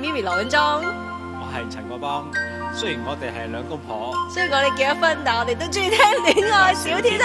咪咪羅敏莊，我係陳國邦，雖然我哋係兩公婆，雖然我哋結咗婚，但我哋都中意聽《戀愛小天頭》。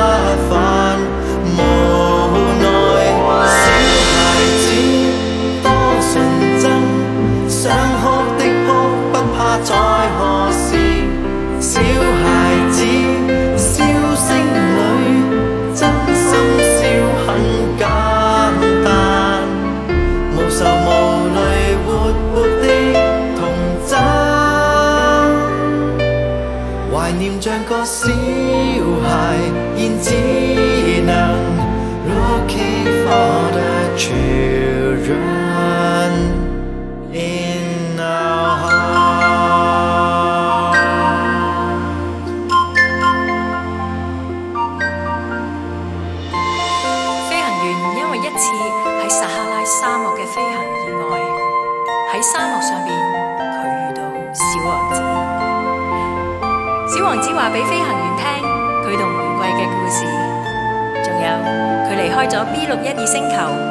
六一二星球。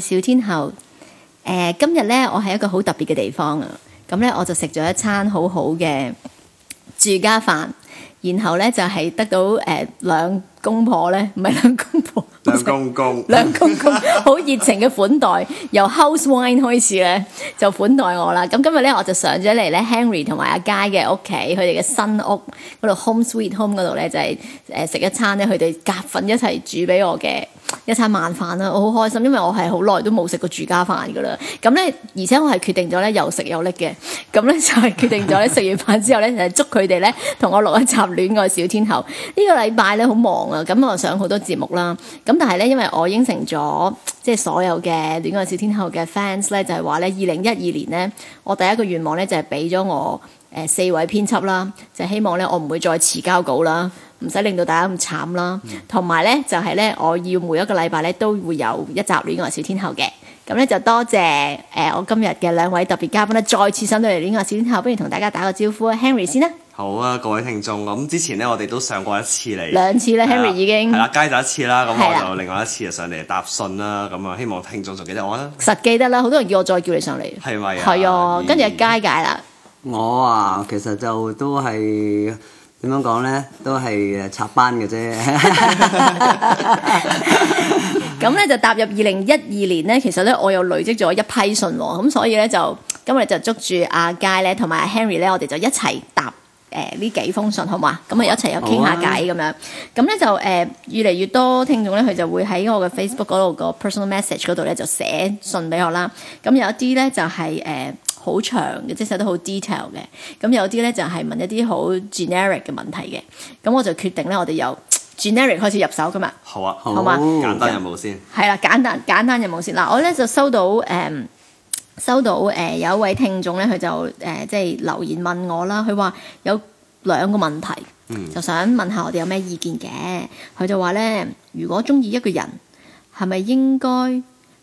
小天后，誒、呃，今日咧，我係一個好特別嘅地方啊！咁、嗯、咧，我就食咗一餐好好嘅住家飯，然後咧就係、是、得到誒、呃、兩公婆咧，唔係兩公婆，兩公公，說兩公公好熱 情嘅款待，由 house wine 開始咧，就款待我啦。咁、嗯、今日咧，我就上咗嚟咧，Henry 同埋阿佳嘅屋企，佢哋嘅新屋嗰度，home sweet home 嗰度咧，就係誒食一餐咧，佢哋夾份一齊煮俾我嘅。一餐晚飯啦，我好開心，因為我係好耐都冇食過住家飯噶啦。咁咧，而且我係決定咗咧，又食又拎嘅。咁咧就係、是、決定咗咧，食完飯之後咧就係、是、祝佢哋咧同我錄一集《戀愛小天后》。這個、呢個禮拜咧好忙啊，咁我上好多節目啦。咁但係咧，因為我應承咗，即、就、係、是、所有嘅《戀愛小天后》嘅 fans 咧，就係話咧，二零一二年咧，我第一個願望咧就係俾咗我誒、呃、四位編輯啦，就是、希望咧我唔會再遲交稿啦。唔使令到大家咁慘啦，同埋咧就係咧，我要每一個禮拜咧都會有一集《戀愛小天后》嘅，咁咧就多謝誒我今日嘅兩位特別嘉賓咧，再次上到嚟《戀愛小天后》，不如同大家打個招呼 Henry 先啦。好啊，各位聽眾，咁之前咧我哋都上過一次嚟兩次啦，Henry 已經係啦，街走一次啦，咁我就另外一次就上嚟答信啦，咁啊希望聽眾仲記得我啦，實記得啦，好多人叫我再叫你上嚟，係咪啊？係哦，跟住就街解啦。我啊，其實就都係。點樣講咧，都係誒插班嘅啫。咁咧就踏入二零一二年咧，其實咧我又累積咗一批信，咁所以咧就咁咪就捉住阿佳咧同埋阿 Henry 咧，我哋就、啊啊、就一齊答誒呢、呃、幾封信，好嘛？咁啊一齊又傾下偈咁樣。咁咧就誒越嚟越多聽眾咧，佢就會喺我嘅 Facebook 嗰度個 personal message 嗰度咧就寫信俾我啦。咁有一啲咧就係、是、誒。呃好長嘅，即係寫得好 detail 嘅，咁有啲咧就係、是、問一啲好 generic 嘅問題嘅，咁我就決定咧，我哋由 generic 開始入手噶嘛，好啊，好嘛吧、嗯，簡單任務先，係啦，簡單簡單任務先，嗱，我咧就收到誒、嗯，收到誒、呃，有一位聽眾咧，佢就誒即係留言問我啦，佢話有兩個問題，嗯、就想問下我哋有咩意見嘅，佢就話咧，如果鍾意一個人，係咪應該？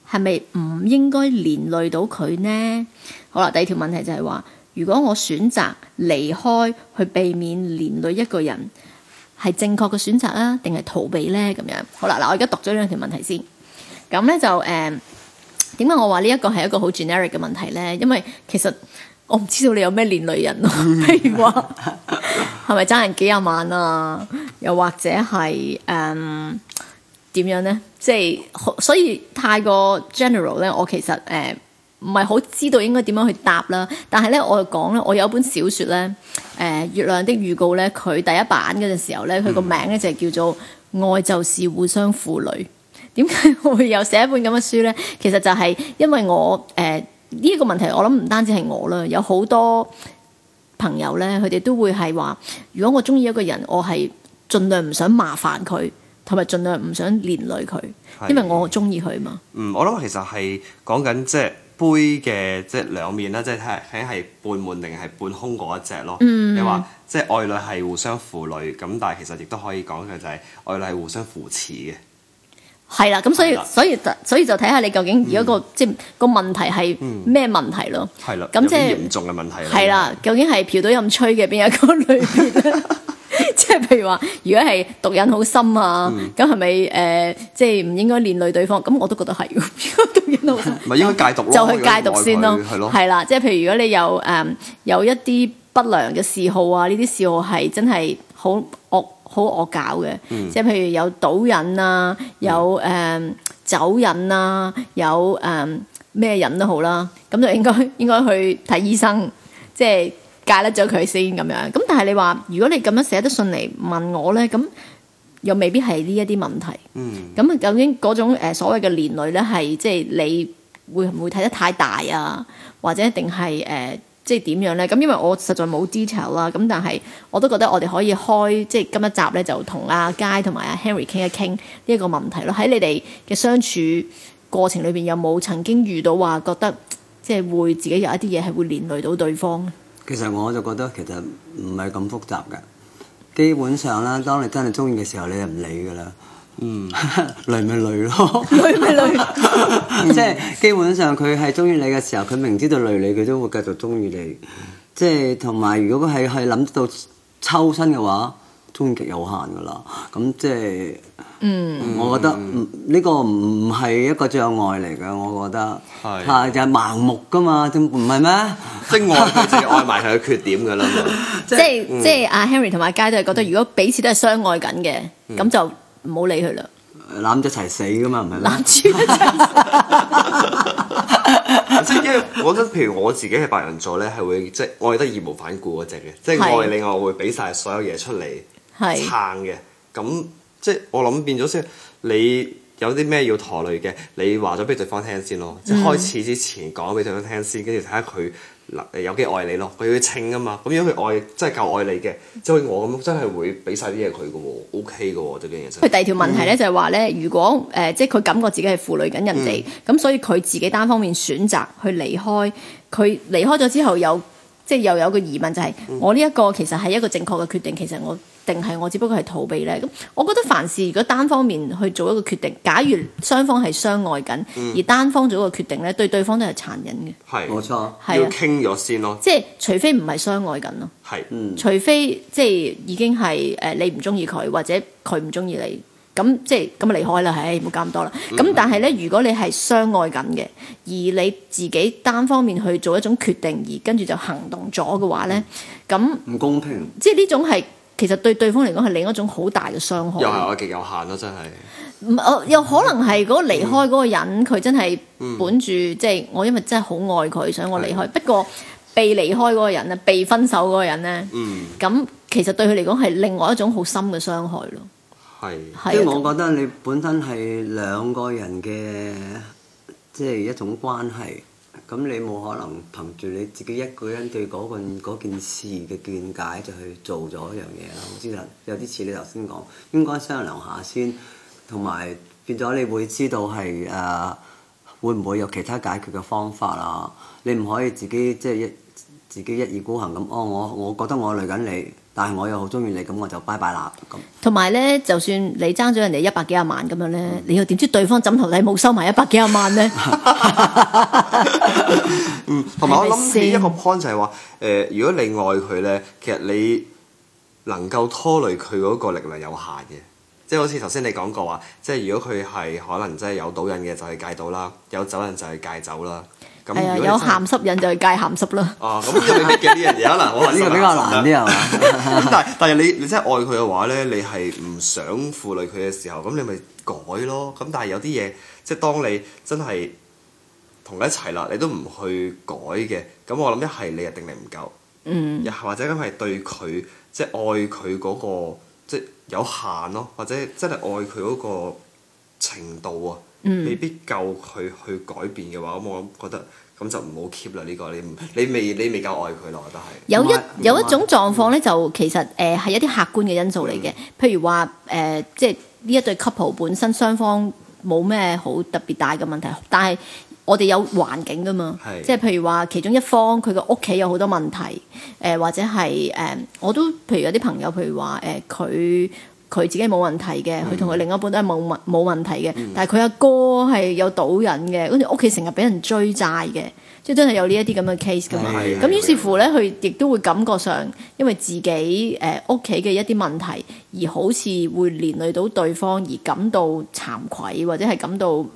係咪唔應該連累到佢呢？好啦，第二條問題就係話，如果我選擇離開去避免連累一個人，係正確嘅選擇啊，定係逃避呢？咁樣好啦，嗱，我而家讀咗兩條問題先。咁呢就誒，點、呃、解我話呢一個係一個好 generic 嘅問題呢？因為其實我唔知道你有咩連累人咯、啊，譬如話係咪爭人幾廿萬啊？又或者係誒，呃點樣呢？即係所以太過 general 咧，我其實誒唔係好知道應該點樣去答啦。但係咧，我講咧，我有一本小説咧，誒、呃《月亮的預告》咧，佢第一版嗰陣時候咧，佢個名咧就係叫做《愛就是互相負累》。點解我會有寫一本咁嘅書咧？其實就係因為我誒呢、呃呢個問題，我諗唔單止係我啦，有好多朋友咧，佢哋都會係話，如果我中意一個人，我係盡量唔想麻煩佢。同埋，盡量唔想連累佢，的因為我中意佢嘛。嗯，我諗其實係講緊即係杯嘅即係兩面啦，即係睇下係半滿定係半空嗰一隻咯。嗯、你話即係愛侶係互相負累，咁但係其實亦都可以講嘅就係愛侶係互相扶持嘅。係啦，咁所以，的所，以，所，以所以就所以就睇下你究竟而家、嗰個、嗯、即係個問題係咩問題咯？係啦的，咁即係嚴重嘅問題。係啦，究竟係嫖到咁吹嘅邊一個女嘅 即係譬如話，如果係毒癮好深啊，咁係咪誒，即係唔應該連累對方？咁我都覺得係。如果毒癮好深，咪 應該戒毒咯，就去戒毒咯先咯，係對咯。係啦，即係譬如如果你有誒、呃、有一啲不良嘅嗜好啊，呢啲嗜好係真係好惡好惡搞嘅。嗯、即係譬如有賭癮啊，有誒酒癮啊，有誒咩癮都好啦，咁就應該應該去睇醫生，即係。戒甩咗佢先咁樣，咁但係你話如果你咁樣寫得信嚟，問我咧，咁又未必係呢一啲問題。咁、嗯、究竟嗰種誒、呃、所謂嘅連累咧，係即係你會唔會睇得太大啊？或者一定係誒、呃、即係點樣咧？咁因為我實在冇 detail 啦。咁但係我都覺得我哋可以開即係今一集咧，就同阿 Guy 同埋阿 Henry 傾一傾呢一個問題咯。喺你哋嘅相處過程裏邊，有冇曾經遇到話覺得即係會自己有一啲嘢係會連累到對方？其實我就覺得其實唔係咁複雜嘅，基本上啦，當你真係中意嘅時候，你就唔理嘅啦。嗯， 累咪累咯，累咪累。即係基本上佢係中意你嘅時候，佢明知道累你，佢都會繼續中意你。即係同埋如果佢係係諗到抽身嘅話。終極有限噶啦，咁即係，嗯，我覺得呢個唔係一個障礙嚟嘅，我覺得，係，就係盲目噶嘛，唔係咩？即愛佢自己，愛埋佢嘅缺點噶啦，即係即係阿 Henry 同阿佳都係覺得，如果彼此都係相愛緊嘅，咁就唔好理佢啦。攬一齊死噶嘛，唔係咩？攬住一齊，即係因為我覺得，譬如我自己係白羊座咧，係會即係愛得義無反顧嗰隻嘅，即係愛你，我會俾晒所有嘢出嚟。撐嘅，咁是即係我諗變咗先，你有啲咩要拖累嘅，你話咗俾對方聽先咯，嗯、即係開始之前講俾對方聽先，跟住睇下佢能有幾愛你咯。佢要稱啊嘛，咁樣佢愛真係夠愛你嘅，即係我咁真係會俾晒啲嘢佢噶，O K 噶喎，呢啲嘢。佢第二條問題咧、嗯、就係話咧，如果誒、呃、即係佢感覺自己係負累緊人哋，咁、嗯、所以佢自己單方面選擇去離開，佢離開咗之後又即係又有個疑問就係、是、嗯、我呢一個其實係一個正確嘅決定，其實我。定係我只不過係逃避咧。咁我覺得凡事如果單方面去做一個決定，假如雙方係相愛緊，嗯、而單方做一個決定咧，對、對對方都係殘忍嘅。係冇錯，啊、要傾咗先咯。即係除非唔係相愛緊咯。係，除非、嗯、除非即係已經係誒、呃、你唔中意佢，或者佢唔中意你，咁即係咁就離開啦。唉、哎，冇講咁多啦。咁、嗯、但係咧，嗯、如果你係相愛緊嘅，而你自己單方面去做一種決定，而跟住就行動咗嘅話咧，咁唔、嗯、唔公平。即係呢種係。其實對對方嚟講係另一種好大嘅傷害，又係我極有限咯，啊，真係。 又可能係嗰離開嗰個人，佢，嗯，真係本住即係我，因為真係好愛佢，嗯，想我離開。不過被離開嗰個人咧，被分手嗰個人呢，咁，嗯，其實對佢嚟講係另外一種好深嘅傷害咯。係，因為我覺得你本身係兩個人嘅，即、就、係、是、一種關係。咁你冇可能憑住你自己一個人對嗰個嗰件事嘅見解就去做咗一樣嘢咯，其實有啲似你頭先講，應該商量下先，同埋變咗你會知道係誒會唔會有其他解決嘅方法啊。你唔可以自己即係一自己一意孤行咁，哦，我我覺得我累緊你。但係我又好中意你，咁我就拜拜啦。咁同埋呢，就算你爭咗人哋一百幾十萬咁樣呢，嗯、你又點知對方枕頭你冇收埋一百幾十萬呢？嗯，同埋我諗起一個 point 就係話，誒，如果你愛佢呢，其實你能夠拖累佢嗰個力量有限嘅，即係好似頭先你講過話，即係如果佢係可能真係有賭癮嘅，就係戒賭啦；有酒癮就係戒酒啦。係啊，有鹹濕人就去戒鹹濕啦。哦、啊，咁你逼嘅呢樣嘢可能我 話呢個比較難啲啊。但係但係你你真係愛佢嘅話咧，你係唔想負累佢嘅時候，咁你咪改咯。咁但係有啲嘢，即係當你真係同佢一齊啦，你都唔去改嘅，咁我諗一係你係定力唔夠，嗯，又或者咁係對佢即係愛佢嗰、嗰個即係、即係、有限咯，或者真係愛佢嗰個程度啊。嗯，未必夠佢去改變嘅話，咁、嗯、我覺得咁就唔好 keep 啦。呢、呢個你你未你未夠愛佢咯，我都係。有一有一種狀況咧，就其實誒係、呃、一啲客觀嘅因素嚟嘅，嗯、譬如話誒、呃，即係呢一對 couple 本身雙方冇咩好特別大嘅問題，但係我哋有環境㗎嘛，即係是 譬如話其中一方佢嘅屋企有好多問題，誒、呃、或者係誒、呃，我都譬如有啲朋友譬如話誒佢。呃佢自己冇問題嘅，佢同佢另一半都係冇問冇問題嘅。嗯、但係佢阿哥係有賭癮嘅，跟住屋企成日俾人追債嘅，嗯、即係真係有呢一啲咁嘅 case 㗎嘛。咁於、嗯、是乎咧，佢亦都會感覺上因為自己誒屋企嘅一啲問題，而好似會連累到對方，而感到慚愧或者係感到唔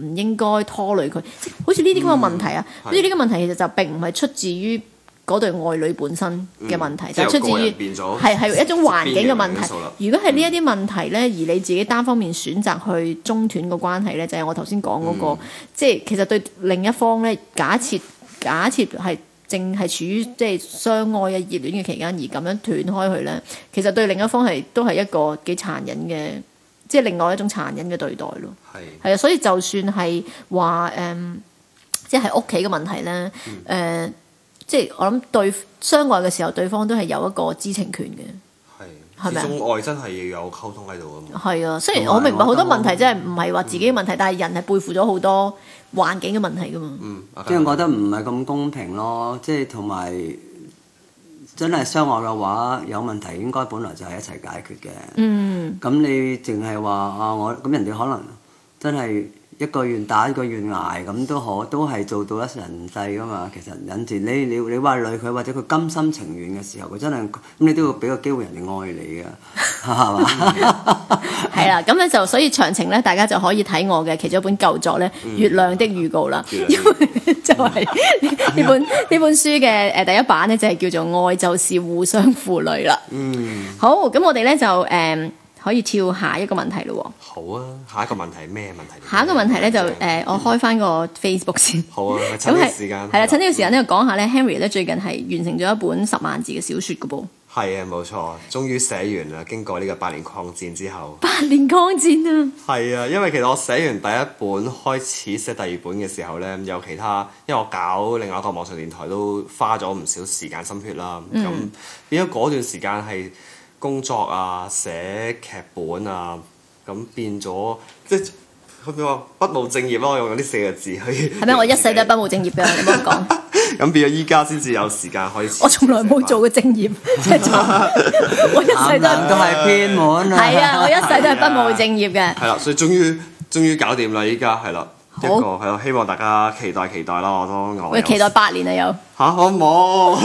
唔應該拖累佢。好似呢啲咁嘅問題啊，嗯、所以呢個問題其實就並唔係出自於。嗰對愛侶本身嘅問題就、嗯、出自於係係一種環境嘅問題。如果係呢一啲問題咧，嗯、而你自己單方面選擇去中斷個關係咧，就係、是、我頭先講嗰個，嗯、即係其實對另一方咧，假設假設係正係處於即係相愛嘅熱戀嘅期間，而咁樣斷開佢咧，其實對另一方係都係一個幾殘忍嘅，即係另外一種殘忍嘅對待咯。係係啊，所以就算係話誒，即係屋企嘅問題咧，誒、呃。嗯即係我諗對相愛嘅時候，對方都係有一個知情權嘅。係，係咪吧？相愛真係要有溝通喺度啊嘛。係啊，雖然有我明白好多問題真係唔係話自己嘅問題，嗯、但係人係背負咗好多環境嘅問題噶嘛。嗯，跟、okay. 即係我覺得唔係咁公平咯。即係同埋真係相愛嘅話，有問題應該本來就係一齊解決嘅。嗯。咁你淨係話啊，我咁人哋可能真係。一個願打一個願挨咁都好，都係做到一人世噶嘛。其實忍住，你你你話累佢，或者佢甘心情願嘅時候，佢真係咁，你都要俾個機會人哋愛你噶，係嘛？係啦，咁咧就所以詳情咧，大家就可以睇我嘅其中一本舊作咧《月亮的預告》啦，一本就係呢本呢本，本書嘅誒第一版咧，就係叫做《愛就是互相負累》啦、tamam okay.。嗯。好，咁我哋咧就誒。可以跳下一個問題咯喎！好啊，下一個問題咩問題？下一個問題咧就誒，呃嗯、我開翻個 Facebook 先。好啊，趁呢個時間。係啦 Okay、嗯，趁呢個時間咧、嗯，講下咧 Henry 咧最近係完成咗一本十萬字嘅小説噶噃。係啊，冇錯，終於寫完啦！經過呢個八年抗戰之後。八年抗戰啊！係啊，因為其實我寫完第一本開始寫第二本嘅時候咧，有其他，因為我搞另外一個網上電台都花咗唔少時間心血啦。咁、嗯，因咗變咗嗰段時間係。工作啊，寫劇本啊，咁變咗即係佢哋話不務正業咯，啊，我用咗呢四個字去係咪？我一世都係不務正業嘅，咁講咁變咗依家先至有時間開始。我從來冇做過正業，我一世都係偏門。係啊，我一世都係不務正業嘅。係啦，所以終於終於搞掂啦，依家係啦。好，係咯，希望大家期待期待啦，我都我期待八年啊，有，吓好唔好？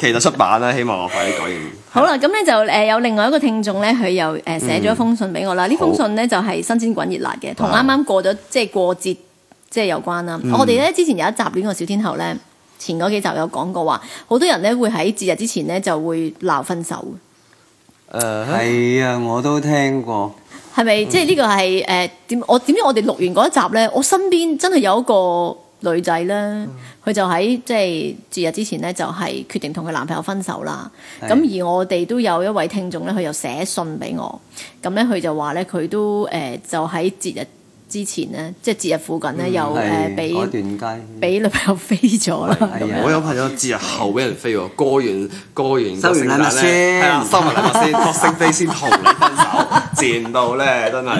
期待出版啦，希望我快啲改完。好啦，咁咧就誒、呃、有另外一個聽眾咧，佢又誒、呃、寫咗一封信俾我啦。呢、嗯、封信咧好就係新鮮滾熱辣嘅，同啱啱過咗即係過節即係有關啦。嗯、我哋咧之前有一集《戀愛小天后》咧，前嗰幾集有講過話，好多人咧會喺節日之前咧就會鬧分手。誒、呃，係啊，啊，啊，我都聽過。係咪即係呢個係誒點？我點知我哋錄完嗰一集咧，我身邊真係有一個女仔咧。嗯佢就喺即係節日之前咧，就係、是、決定同佢男朋友分手啦。咁的而我哋都有一位聽眾咧，佢又寫信俾我。咁咧佢就話咧，佢都誒、呃、就喺節日之前咧，即係節日附近咧，嗯、又誒俾俾女朋友飛咗啦。樣我有朋友節日後俾人飛喎，過完過完聖誕咧，收完禮物先，收完禮物先，發聲 飛先同你分手。 賤到咧，真係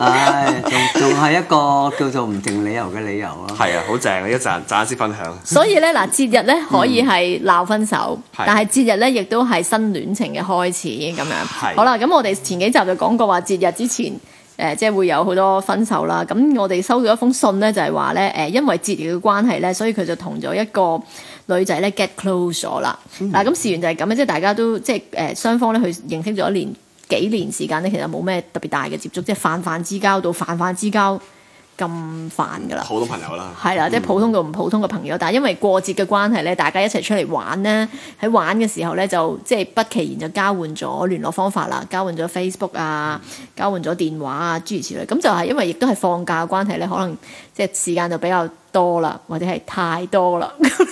唉，仲仲係一個叫做唔定理由嘅理由咯。係 啊，好正啊！一陣間先分享。所以咧，嗱節日咧可以係鬧分手，嗯、但係節日咧亦都係新戀情嘅開始咁樣。係是。好啦，咁我哋前幾集就講過話節日之前，誒、呃、即係會有好多分手啦。咁我哋收到一封信咧，就係話咧誒，因為節日嘅關係咧，所以佢就同咗一個女仔咧 get close 咗啦。嗱咁、嗯、事緣就係咁啦，即係大家都即係誒雙方咧去認識咗一年。幾年時間咧，其實冇咩特別大嘅接觸，即係泛泛之交到泛泛之交咁泛㗎啦。普通朋友啦，係啦，即係普通到唔普通嘅朋友。嗯、但係因為過節嘅關係咧，大家一齊出嚟玩咧，喺玩嘅時候咧就即係不期然就交換咗聯絡方法啦，交換咗 Facebook 啊、嗯，交換咗電話啊諸如此類。咁就係因為亦都係放假關係咧，可能即係時間就比較多啦，或者係太多啦，咁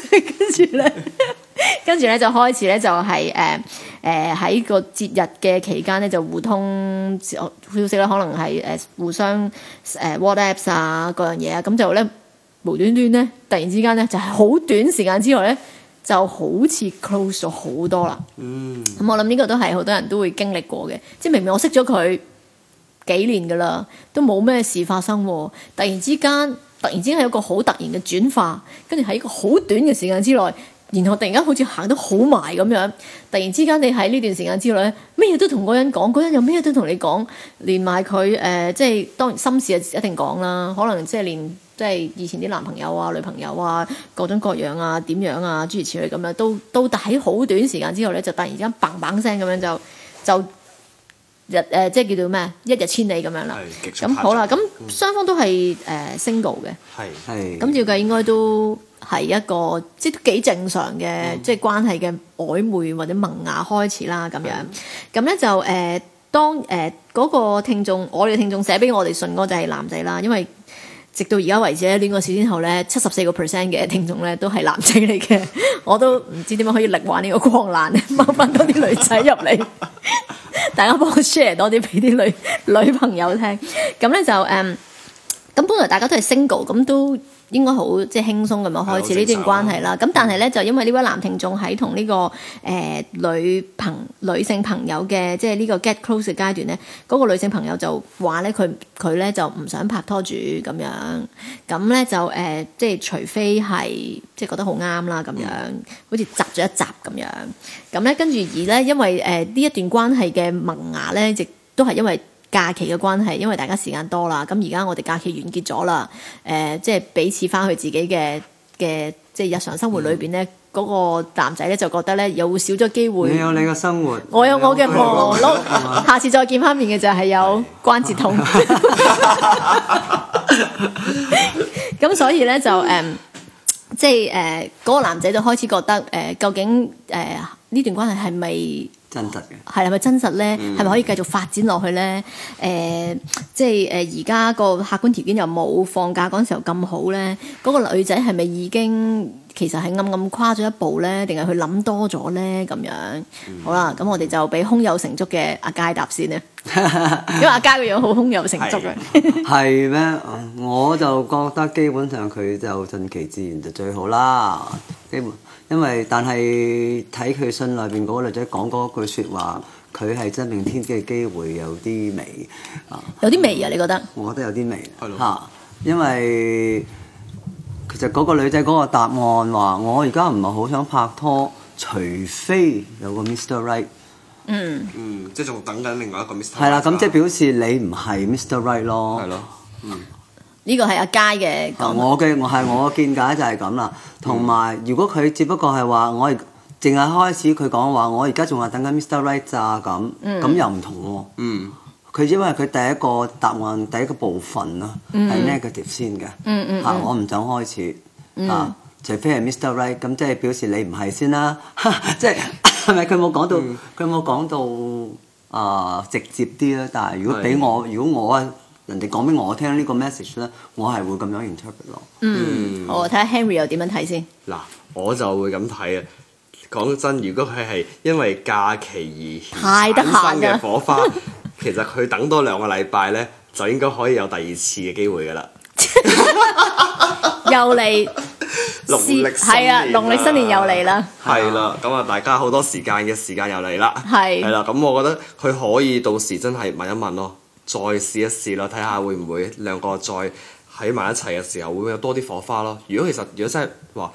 跟住咧。 跟住咧就開始咧就係誒誒喺個節日嘅期間咧就互通消息啦，可能係誒互相誒、呃、WhatsApp 啊嗰樣嘢啊，咁就咧無端端咧突然之間咧就係、是、好短時間之內咧就好似 close 咗好多啦。嗯，咁我諗呢個都係好多人都會經歷過嘅，即係明明我識咗佢幾年噶啦，都冇咩事發生，突然之間突然之間係一個好突然嘅轉化，跟住喺一個好短嘅時間之內。然後突然間好似行得好埋咁樣，突然之間你喺呢段時間之內咧，咩都同嗰人講，嗰人又咩都同你講，連埋佢誒，即係當然心事一定講啦。可能即係連即係以前啲男朋友啊、女朋友啊、各種各樣啊、點樣啊諸如此類咁樣，都都喺好短時間之後咧，就突然之間砰砰聲咁樣就就日誒，即係叫做咩一日千里咁樣啦。咁好啦，咁雙方都係誒 single 嘅，係係咁，照計應該都。係一個即係幾正常嘅、嗯、即係關係嘅曖昧或者萌芽開始啦咁樣，咁咧、嗯、就誒、呃、當誒嗰、呃、那個聽眾，我哋嘅聽眾寫俾我哋信嗰就係男仔啦，因為直到而家為止咧呢個事之後咧，七十四個 percent 嘅聽眾咧都係男仔嚟嘅，我都唔知點樣可以力挽呢個狂瀾，掹翻多啲女仔入嚟， 大家幫我 share 多啲俾啲女女朋友聽，咁咧就誒，咁、嗯、本來大家都係 single 咁都。應該好即係輕鬆咁樣開始呢段關係啦。咁 但係咧就因為呢位男聽眾喺同呢個誒、呃、女朋女性朋友嘅即係呢個 get close 嘅階段咧，嗰、嗰個女性朋友就話咧佢佢咧就唔想拍拖住咁樣。咁咧就誒、呃、即係除非係即係覺得好啱啦咁樣， 好似窒咗一窒咁樣。咁咧跟住而咧，因為誒呢、呃、一段關係嘅萌芽咧，亦都係因為。假期嘅關係，因為大家時間多啦，咁而家我哋假期完結咗啦，誒、呃，即係彼此翻去自己嘅嘅，即係日常生活裏邊咧，嗰、嗯、個男仔咧就覺得咧有少咗機會，你有你嘅生活，我有我嘅忙碌， 下次再見翻面嘅就係有關節痛，咁是 所以咧就誒、嗯，即係誒，嗰、呃那個男仔就開始覺得誒、呃，究竟誒呢、呃呃、段關係係咪？真實嘅係咪真實咧？係咪、嗯、可以繼續發展落去咧？誒、呃，即係誒，而家個客觀條件又冇放假嗰陣時候咁好咧。嗰、嗰個女仔係咪已經其實係暗暗跨咗一步咧？定係佢諗多咗咧？咁樣、嗯、好啦，咁我哋就俾胸有成竹嘅阿佳答先啦。 因為阿佳個樣好胸有成竹嘅，係咩？ 我就覺得基本上佢就順其自然就最好啦。基本。因為但係睇佢信內邊嗰個女仔講嗰句説話，佢係真命天嘅機會有啲微啊，有啲微啊，你覺得？ 我覺得有啲微，係咯嚇，因為其實嗰個女仔嗰個答案話，我而家唔係好想拍拖，除非有個 Mr. Right。嗯嗯，即係仲等緊另外一個 Mr. Right。係啦、 嗯，咁即係表示你唔係 Mr. Right 咯。係咯，嗯。呢個係阿佳嘅。 我嘅我係我嘅見解就係咁啦。同埋如果佢只不過係話我淨係開始佢講話，我而家仲係等緊 Mr Right 咋，咁咁又唔同喎。佢、嗯、因為佢第一個答案第一個部分啦係、嗯、negative 先嘅。嚇、嗯嗯、我唔想開始嚇，嗯、除非係 Mr Right 咁，即係表示你唔係先啦。 即係係咪佢冇講到佢冇講到啊、呃、直接啲啦。但係如果俾我如果我。人哋講俾我聽呢個 message 咧，我係會咁樣 interpret 咯。嗯，好好我睇下 Henry 又點樣睇先。嗱，我就會咁睇啊。講真，如果佢係因為假期而產生嘅火花，其實佢等多兩個禮拜咧， 就應該可以有第二次嘅機會噶啦。 又嚟來，農 曆，係啊，農曆新年又嚟啦。係啦，咁啊，大家好多時間嘅時間又嚟啦。係是，係啦，咁我覺得佢可以到時真係問一問咯。再試一試咯，睇下會唔會兩個再喺埋一齊嘅時候會唔會有多啲火花咯。如果其實如果真係話，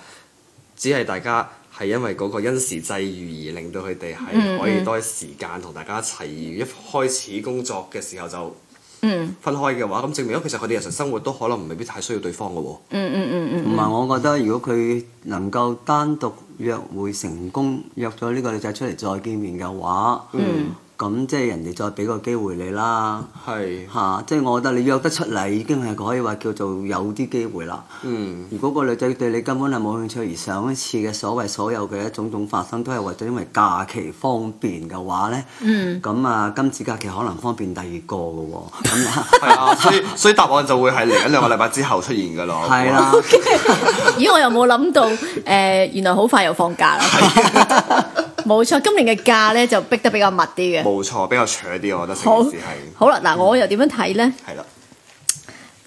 只係大家係因為嗰個因時際遇而令到佢哋係可以多啲時間同大家一齊，嗯嗯、一開始工作嘅時候就分開嘅話，咁、嗯、證明咗其實佢哋日常生活都可能未必太需要對方嘅喎、嗯。嗯嗯嗯嗯。唔、嗯、係，嗯、我覺得如果佢能夠單獨約會成功，約咗呢個女仔出嚟再見面嘅話，嗯。嗯咁即係人哋再俾個機會你啦，嚇是、啊！即係我覺得你約得出嚟已經係可以話叫做有啲機會啦。嗯，如果個女仔對你根本係冇興趣，而上一次嘅所謂所有嘅一種種發生都係為咗因為假期方便嘅話咧，嗯，咁啊今次假期可能方便第二個嘅喎。咁啊係啊，所以所以答案就會係嚟緊兩個禮拜之後出現嘅咯。係啦，咦、okay 呃？我又冇諗到誒、呃，原來好快又放假啦。是的 冇錯，今年嘅假咧就逼得比較密啲嘅。冇錯，比較 short 啲，我覺得成件事好，好啦，嗱，嗯、我又點樣睇咧？係啦了，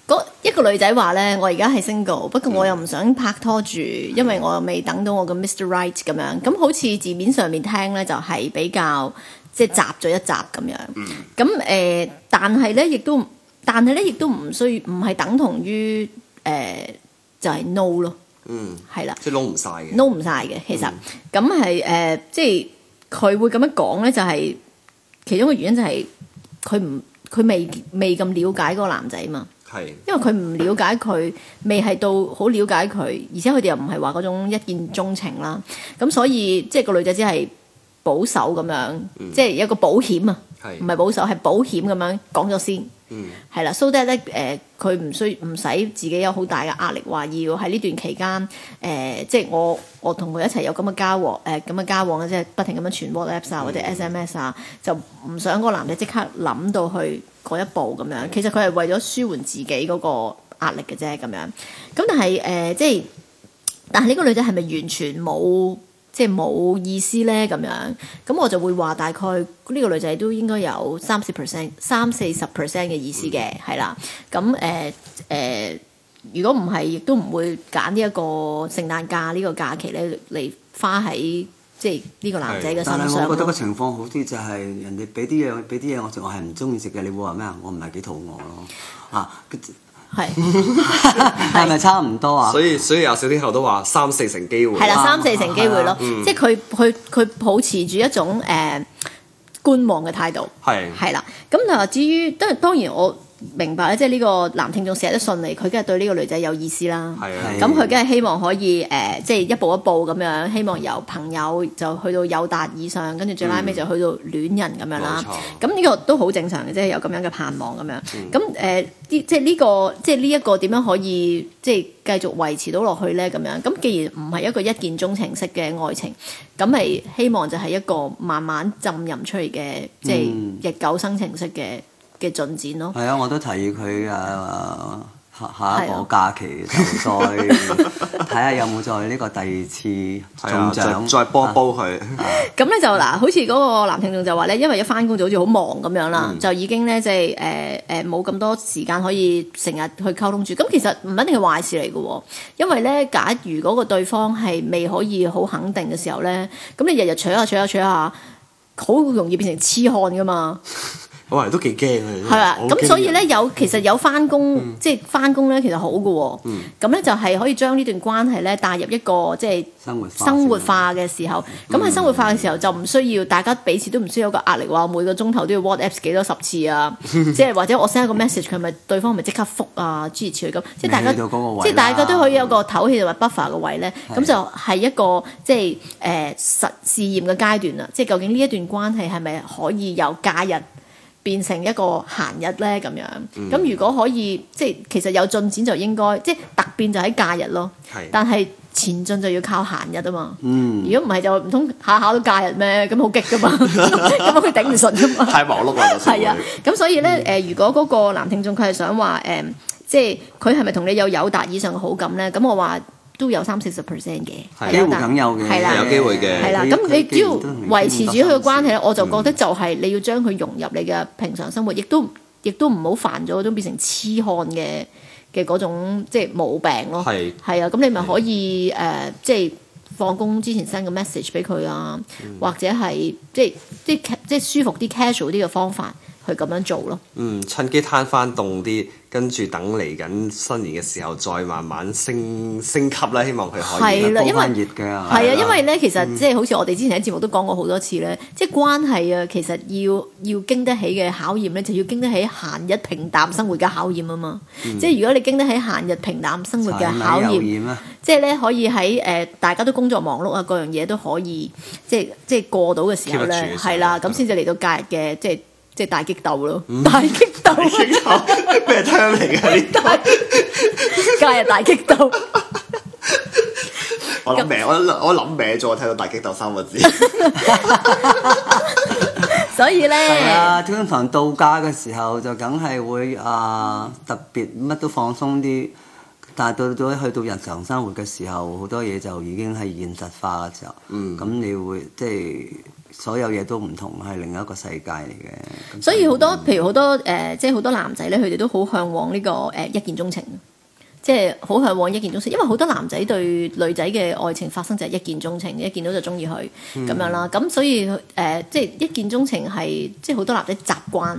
嗰一個女仔話咧，我而家係 single，不過我又唔想拍拖住，嗯、因為我又未等到我嘅 Mr Right 咁樣。咁好似字面上面聽咧，就係、是、比較即係集咗一集咁樣。咁誒、嗯呃，但係咧亦都，但係咧亦都唔需要，唔係等同於誒、呃、就係、是、no 咯。嗯，係啦了，即係攞唔晒嘅，攞唔晒嘅。其實咁係誒，即係佢會咁樣講咧，就係、是、其中個原因就係佢唔佢未未咁了解嗰個男仔嘛。係是，因為佢唔了解佢，未係到好了解佢，而且佢哋又唔係話嗰種一見鍾情啦。咁所以即係個女仔只係保守咁樣，嗯、即係有個保險啊。唔係保守，係保險咁樣講咗先，係啦、嗯。所以咧，誒、呃，佢唔需唔使自己有好大嘅壓力，話要喺呢段期間，誒、呃，即係我我同佢一齊有咁嘅交往，誒、呃，咁嘅交往嘅啫，即不停咁樣傳 WhatsApp 啊或者 SMS 啊，嗯、就唔想嗰男仔即刻諗到去嗰一步咁樣。其實佢係為咗舒緩自己嗰個壓力嘅啫，咁樣。咁但係誒、呃，即係，但係呢個女仔係咪完全冇？即係冇意思咧咁樣，咁我就會話大概呢個女仔都應該有三四十 percent 嘅意思嘅，係啦、嗯。咁誒誒，如果唔係，亦都唔會揀呢一個聖誕假呢個假期咧嚟花喺即係呢個男仔嘅身上。但係我覺得個情況好啲就係人哋俾啲嘢俾啲嘢我食，我係唔中意食嘅。你會話咩啊？我唔係幾肚餓咯啊！係，係咪 差唔多啊？ 所以所以阿小天后都話三四成機會係啦，三四成機會咯，即係佢佢佢抱持住一種誒、呃、觀望嘅態度係係啦。咁啊對的至於，都係當然我。明白咧，即係呢個男聽眾寫得順利，佢梗係對呢個女仔有意思啦。咁佢梗係希望可以誒、呃，即係一步一步咁樣，希望由朋友就去到友達以上，跟住最拉尾就去到戀人咁樣啦。咁呢、嗯、個都好正常嘅，即係有咁樣嘅盼望咁樣。咁誒、嗯，啲、呃、即係呢、呢個，即係呢一個點樣可以即係繼續維持到落去咧？咁樣，咁既然唔係一個一見鐘情式嘅愛情，咁係希望就係一個慢慢浸淫出嚟嘅，即係日久生情式嘅。嗯嘅進展咯，係啊！我都提議佢誒下下一個假期再睇下 有冇再呢個第二次中獎、哎再，再波波佢。咁咧、啊、 就嗱，好似嗰個男聽眾就話咧，因為一返工就好似好忙咁樣啦，就已經咧即係誒誒冇咁多時間可以成日去溝通住。咁其實唔一定係壞事嚟嘅，因為咧，假如嗰個對方係未可以好肯定嘅時候咧，咁你日日取下取下取下，好容易變成痴漢噶嘛。我係都幾驚嘅，係啊。咁所以咧，有其實有翻工，即係翻工咧，其實好嘅。咁咧就係可以將呢段關係咧帶入一個即係生活生活化嘅時候。咁喺生活化嘅時候就唔需要大家彼此都唔需要有個壓力話每個鐘頭都要 WhatsApp 幾多十次啊，即係或者我 send 一個 message 佢咪對方咪即刻覆啊，支持佢咁。即係大家即係大家都可以有個唞氣同埋 buffer 嘅位咧，咁就係一個即係誒實試驗嘅階段啦。即係究竟呢一段關係係咪可以有假日？變成一個閒日咧咁樣，咁、嗯、如果可以，即係其實有進展就應該，即係突變就喺假日咯。係的，但係前進就要靠閒日啊嘛。嗯，如果唔係就唔通下下都假日咩？咁好激噶嘛？咁佢 頂唔順噶嘛。太忙碌啊！係啊、 嗯，咁所以咧，誒、呃，如果嗰個男聽眾佢係想話，誒、嗯，即係佢係咪同你有，有友達以上嘅好感咧？咁我話。都有三四十 percent 嘅，係梗有嘅，係啦，有機會嘅，係啦。咁你只要維持住佢嘅關係咧，我就覺得就係你要將佢融入你嘅平常生活，亦都亦都唔好犯咗嗰種變成痴漢嘅嘅嗰種即係冇病咯。係係啊，咁你咪可以誒，即係放工之前 send 個 message 俾佢啊，或者係即係即係即係舒服啲 casual 啲嘅方法。去咁樣做咯，嗯，趁機攤翻凍啲，跟住等嚟緊新年嘅時候再慢慢升升級啦。希望佢可以慢慢熱嘅，係啊，因為咧，其實即係好似我哋之前喺節目都講過好多次咧，即係關係啊，其實要要經得起嘅考驗咧，就要經得起閒日平淡生活嘅考驗啊嘛。即係如果你經得起閒日平淡生活嘅考驗，即係咧可以喺誒大家都工作忙碌啊，各樣嘢都可以，即係即係過到嘅時候咧，係啦，咁先至嚟到假日嘅即係。即係大激鬥咯，大激鬥，咩聽嚟嘅呢？假日大激鬥，我諗名，我我諗名。再睇到大激鬥三個字， 所以咧呢，係啊，天講度假嘅時候就梗係會啊、呃、特別乜都放鬆啲，但係到到去到日常生活嘅時候，好多嘢就已經係現實化嘅時候， 嗯，咁你會即係。所有嘢都唔同，係另一個世界嚟嘅。所以好多，譬如好多誒、呃，即係好多男仔咧，佢哋都好向往呢、這個誒、呃、一見鍾情，即係好向往一見鍾情。因為好多男仔對女仔嘅愛情發生就係一見鍾情，一見到就鍾意佢咁樣啦。咁、嗯、所以誒、呃，即係一見鍾情係即係好多男仔習慣。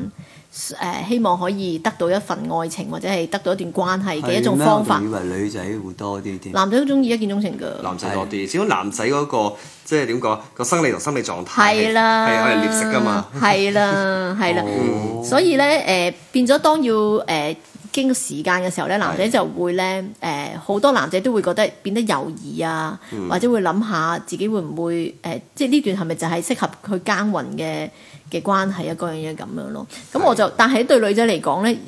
誒，希望可以得到一份愛情或者係得到一段關係嘅一種方法。以為女仔會多啲啲，男仔都中意一見鍾情㗎。男仔多啲，至於的男仔嗰、那個即係點講？個生理同心理狀態係啦，係獵食㗎嘛。係啦，係啦。所以咧，誒、呃、變咗當要誒。呃經時間嘅時候咧，男仔就會咧，誒、呃，好多男仔都會覺得變得猶豫啊，嗯、或者會諗下自己會唔會，誒、呃，即係呢段係咪就係適合佢耕耘嘅嘅關係啊，各樣嘢咁樣咯。咁我就，是的 但係對女仔嚟講咧，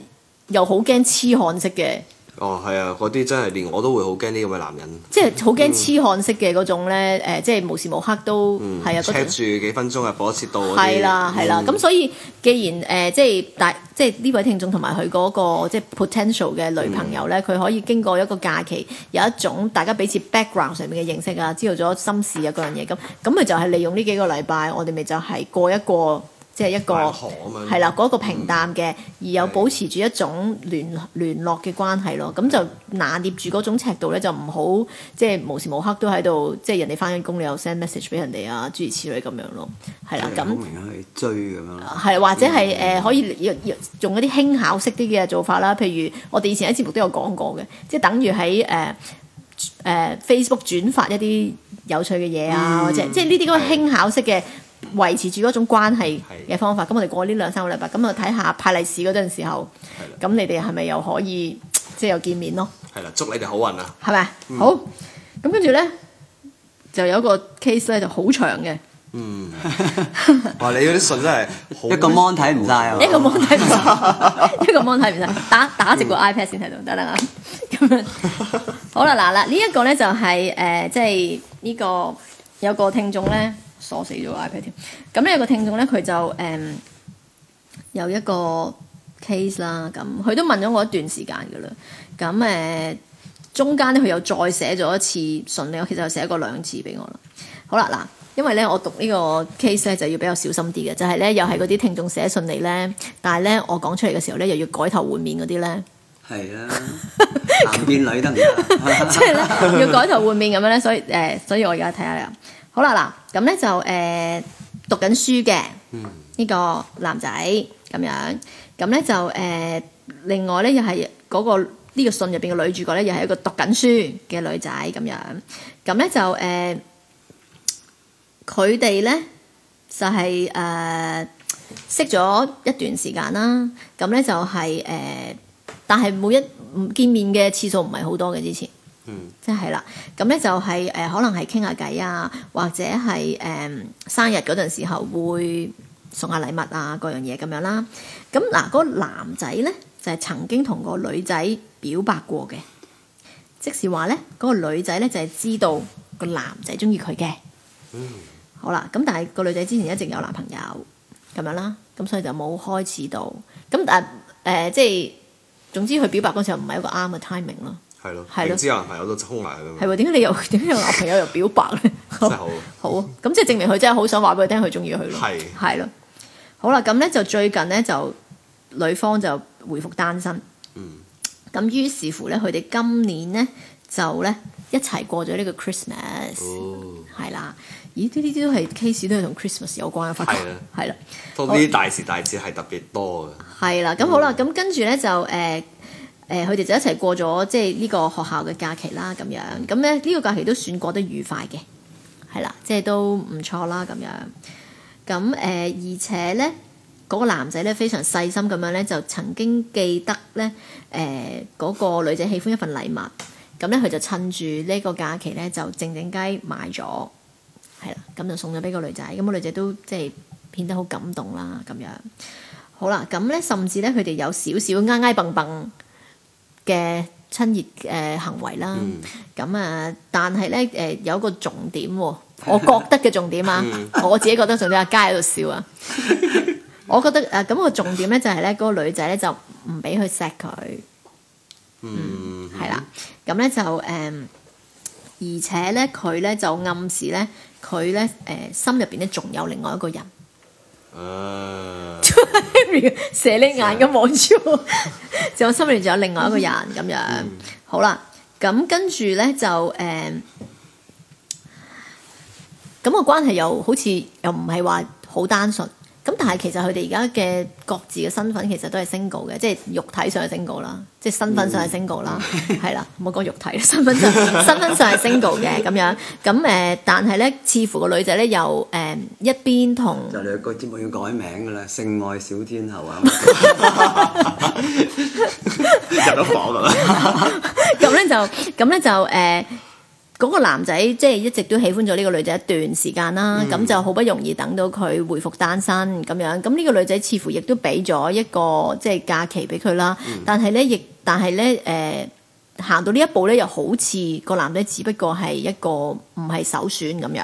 又好驚痴漢式嘅。哦，係啊，嗰啲真係連我都會好驚呢咁嘅男人，即係好驚黐漢式嘅嗰種咧，誒、嗯，即係無時無刻都係、嗯、啊，扯住幾分鐘啊，火舌刀嗰啲係啦，係啦、嗯，咁所以既然誒、呃，即係大，即係呢位聽眾同埋佢嗰個即係 potential 嘅女朋友咧，佢、嗯、可以經過一個假期，有一種大家彼此 background 上面嘅認識啊，知道咗心事啊嗰樣嘢咁，咁佢就係利用呢幾個禮拜，我哋咪就係過一過。即係一個係啦，嗰個平淡嘅，而又保持住一種聯聯絡嘅關係咯。咁就拿捏住嗰種尺度咧，就唔好即係無時無刻都喺度，即係人哋返緊工，你又 send message 俾人哋啊，諸如此類咁樣咯。係啦，咁平去追咁樣。係或者係誒，可以用一啲輕巧式啲嘅做法啦。譬如我哋以前喺節目都有講過嘅，即係等於喺誒誒 Facebook 轉發一啲有趣嘅嘢啊，或者即係呢啲嗰個輕巧式嘅。維持住嗰種關係嘅方法，咁我哋過呢兩三個禮拜，咁啊睇下派利市嗰陣時候，咁的你哋係咪又可以即係、就是、又見面咯？係啦，祝你哋好運啊！係咪吧、嗯、好，咁跟住咧就有個 case 咧就好長嘅。嗯，哇！ 你嗰啲信真係 一個 mon 睇唔晒！啊！ 一個 mon 睇唔晒，一個 mon 睇唔晒，打打直個 ipad 先睇到，得啦啊！咁 樣好啦，嗱嗱，呢一個咧就係誒，即係呢個有個聽眾咧。 鎖死咗 iPad 添，咁咧個聽眾咧佢就誒、嗯、有一個 case 啦，咁佢都問咗我一段時間噶啦，咁誒、呃、中間咧佢又再寫咗一次信嚟，其實又寫過兩次俾我啦。好啦嗱，因為咧我讀呢個 case 咧就要比較小心啲嘅，就係、是、咧又係嗰啲聽眾寫信嚟咧，但係咧我講出嚟嘅時候咧又要改頭換面嗰啲咧，係啦， 男變女得唔得？即係咧要改頭換面咁樣咧，所以誒、呃，所以我而家睇下你啊。好啦嗱，咁咧就誒、呃，讀緊書嘅呢個男仔咁樣，咁咧就誒、呃，另外咧又係嗰、那個呢、這個信入邊嘅女主角咧又係一個讀緊書嘅女仔咁樣，咁咧就誒，佢哋咧就係、是、誒，呃、識咗一段時間啦，咁咧就係、是、誒、呃，但係每一唔見面嘅次數唔係好多嘅之前。 即係啦，咁、嗯、咧、 嗯、就係誒，可能係傾下偈啊，或者係誒、嗯、生日嗰陣時候會送下禮物啊，各樣嘢咁樣啦。咁嗱，嗰、那個男仔咧就係、是、曾經同個女仔表白過嘅，即是話咧，嗰、那個女仔咧就係、是、知道個男仔中意佢嘅。嗯、好啦，咁但係個女仔之前一直有男朋友咁樣啦，咁、嗯、所以就冇開始到。咁但誒、呃，即係總之，佢表白嗰時候唔係一個啱嘅 timing 咯。係咯，你知啊？男朋友都衝埋佢。係點解你又點解又男朋友又表白咧？真係好，好啊！咁即係證明佢真係好想話俾佢聽，佢中意佢咯。係，係咯，好啦，咁咧就最近咧就女方就回復單身。嗯，咁於是乎咧，佢哋今年咧就咧一齊過咗呢個 Christmas。哦，係啦，咦？呢啲都係 case，都係同 Christmas 有關嘅。係啦，係啦，呢啲大事、大節係特別多嘅。係啦，咁好啦，咁跟住咧就誒。誒，佢哋就一齊過咗即係呢個學校嘅假期啦，咁樣咁咧呢個假期都算過得愉快嘅，係啦，即係都唔錯啦，咁樣咁誒，而且咧嗰個男仔咧非常細心咁樣咧，就曾經記得咧誒嗰個女仔喜歡一份禮物，咁咧佢就趁住呢個假期咧就靜靜雞買咗，係啦，咁就送咗俾個女仔，咁個女仔都即係變得好感動啦，咁樣好啦，咁咧甚至咧佢哋有少少挨挨蹦蹦。嘅親熱嘅、呃、行為啦，咁啊、嗯嗯，但係咧，誒、呃、有一個重點喎、喔，我覺得嘅重點啊， 我自己覺得重點啊，Guy 喺度笑啊， 我覺得誒，咁、呃嗰個重點咧就係咧，嗰、嗰個女仔咧就唔俾佢錫佢，嗯，係、嗯嗯、啦，咁咧就誒、呃，而且咧佢咧就暗示咧，佢咧誒心入邊咧仲有另外一個人。呃 射 你眼咁望住， 就我心裏面仲有另外一個人咁、 嗯、樣，好啦，咁跟住咧就誒，咁、呃那個關係又好似又唔係話好單純。咁但係其實佢哋而家嘅各自嘅身份其實都係 single 嘅，即係肉體上係 single 啦，即係身份上係 single 啦，係啦、嗯，唔好講肉體，身份上 身份上係 single 嘅咁樣。咁誒，但係咧，似乎個女仔咧又誒一邊同就兩個節目要改名㗎啦，性愛小天后啊，入咗榜咁咧就咁咧就誒。呃。嗰個男仔即係一直都喜歡咗呢個女仔一段時間啦，咁、嗯、就好不容易等到佢回復單身咁樣，咁呢個女仔似乎亦都俾咗一個即係假期俾佢啦。但係咧，亦但係咧，誒行到呢一步咧，又好似個男仔只不過係一個唔係首選咁樣。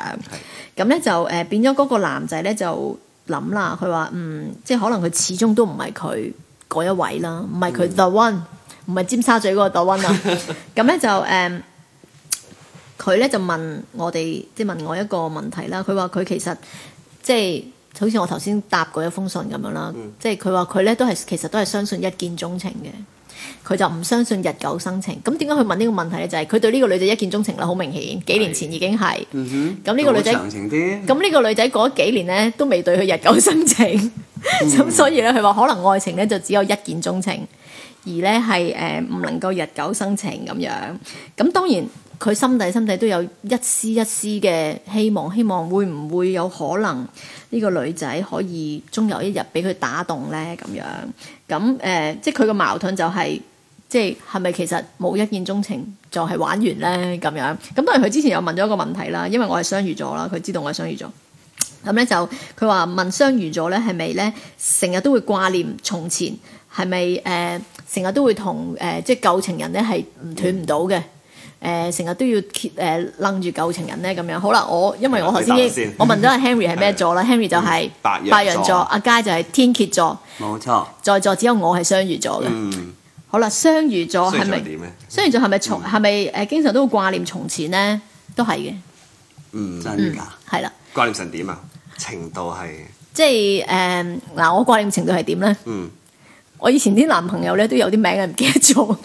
咁咧是 就誒、呃、變咗嗰個男仔咧就諗啦，佢話嗯，即係可能佢始終都唔係佢嗰一位啦，唔係佢 The One，唔係、嗯、尖沙咀嗰個 The One 啊。 咁咧就誒。佢咧就問我哋，即係問我一個問題啦。佢話佢其實即係好似我頭先答過一封信咁樣啦。即係佢話佢咧都係其實都係相信一見鍾情嘅。佢就唔相信日久生情。咁點解佢問呢個問題咧？就係、是、佢對呢個女仔一見鍾情啦，好明顯。幾年前已經係。咁呢的個女仔，咁呢個女仔過咗幾年咧，都未對佢日久生情。咁、嗯、 所以咧，佢話可能愛情咧就只有一見鍾情，而咧係誒唔能夠日久生情咁樣。咁當然。佢心底心底都有一絲一絲嘅希望，希望會唔會有可能呢、這個女仔可以終有一日俾佢打動咧？咁樣咁誒、呃，即係佢個矛盾就係、是，即係係咪其實冇一見鍾情就係玩完咧？咁樣咁，當然佢之前有問咗一個問題啦，因為我係相遇座啦，佢知道我係雙魚座。咁咧就佢話問雙魚座咧係咪咧，成日都會掛念從前，係咪誒成日都會同誒、呃、即係舊情人咧係唔斷唔到嘅？誒成日都要 keep 楞住舊情人咧咁樣，好啦，我因為我頭先我問咗阿 Henry 係咩座啦，Henry 就係白羊座，阿佳就係天蠍座，冇錯，在座只有我係雙魚座嘅。好啦，雙魚座係咪？雙魚座係咪從係咪誒？經常都會掛念從前咧，都係嘅。嗯，真係㗎。係啦，掛念成點啊？程度係即係誒嗱，我掛念程度係點咧？嗯，我以前啲男朋友咧都有啲名嘅，唔記得咗。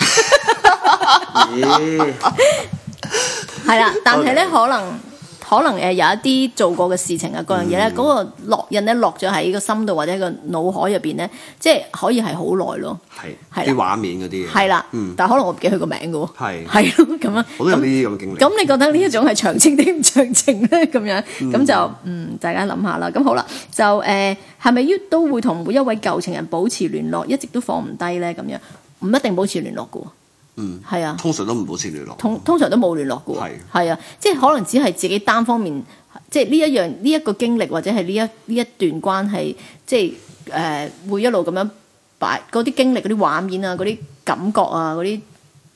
係 啦、欸， 但係咧，可能可能誒，有一啲做過嘅事情啊，嗯、各樣嘢咧，嗰、嗰個烙印咧，落咗喺個心度或者個腦海入邊咧，即係可以係好耐咯。係啲畫面嗰啲係啦，的嗯、但係可能我唔記佢個名噶喎，係係咁啊， 我都有呢啲咁嘅經歷。咁你覺得呢一種係長情啲唔長情咧？咁 樣咁就嗯，大家諗下啦。咁好啦，就誒係咪要都會同每一位舊情人保持聯絡，一直都放唔低咧？咁樣唔一定保持聯絡噶。嗯，係啊通，通常都唔保持聯絡。啊、通常都冇聯絡過，係啊，啊，即係可能只係自己單方面，啊、即係呢一樣呢一、呢個經歷或者係呢一呢一段關係，即係誒、呃、會一路咁樣擺嗰啲經歷、嗰啲畫面啊、嗰啲感覺啊、嗰啲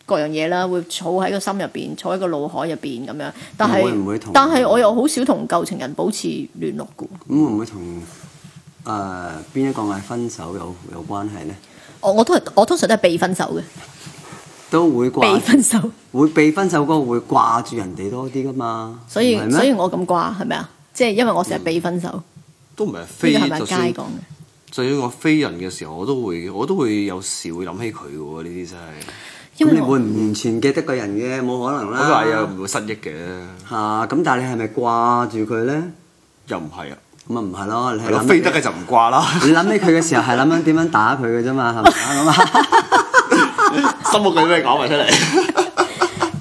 各樣嘢啦、啊，會儲喺個心入邊,儲喺個腦海入邊咁樣。會唔會同，但係我又好少同舊情人保持聯絡嘅。咁會唔會同誒邊一個嗌分手有有關係咧？我我都係我通常都係被分手嘅。都會掛，被分手，會被分手嗰個會掛住人哋多啲噶嘛？所以所以我咁掛係咪啊？即係因為我成日被分手，嗯、都唔係非，就算我飛人嘅時候，我都會我都會有時會諗起佢嘅喎，呢啲真係，因為你會唔完全記得個人嘅，冇可能啦，咁又唔會失憶嘅吓，咁但係你係咪掛住佢咧？又唔係啊？咁啊唔係、啊、咯？你係飛得嘅就唔掛咯，你諗起佢嘅時候係諗緊點樣打佢嘅啫嘛？係咪啊？ 心冇計咩講埋出嚟，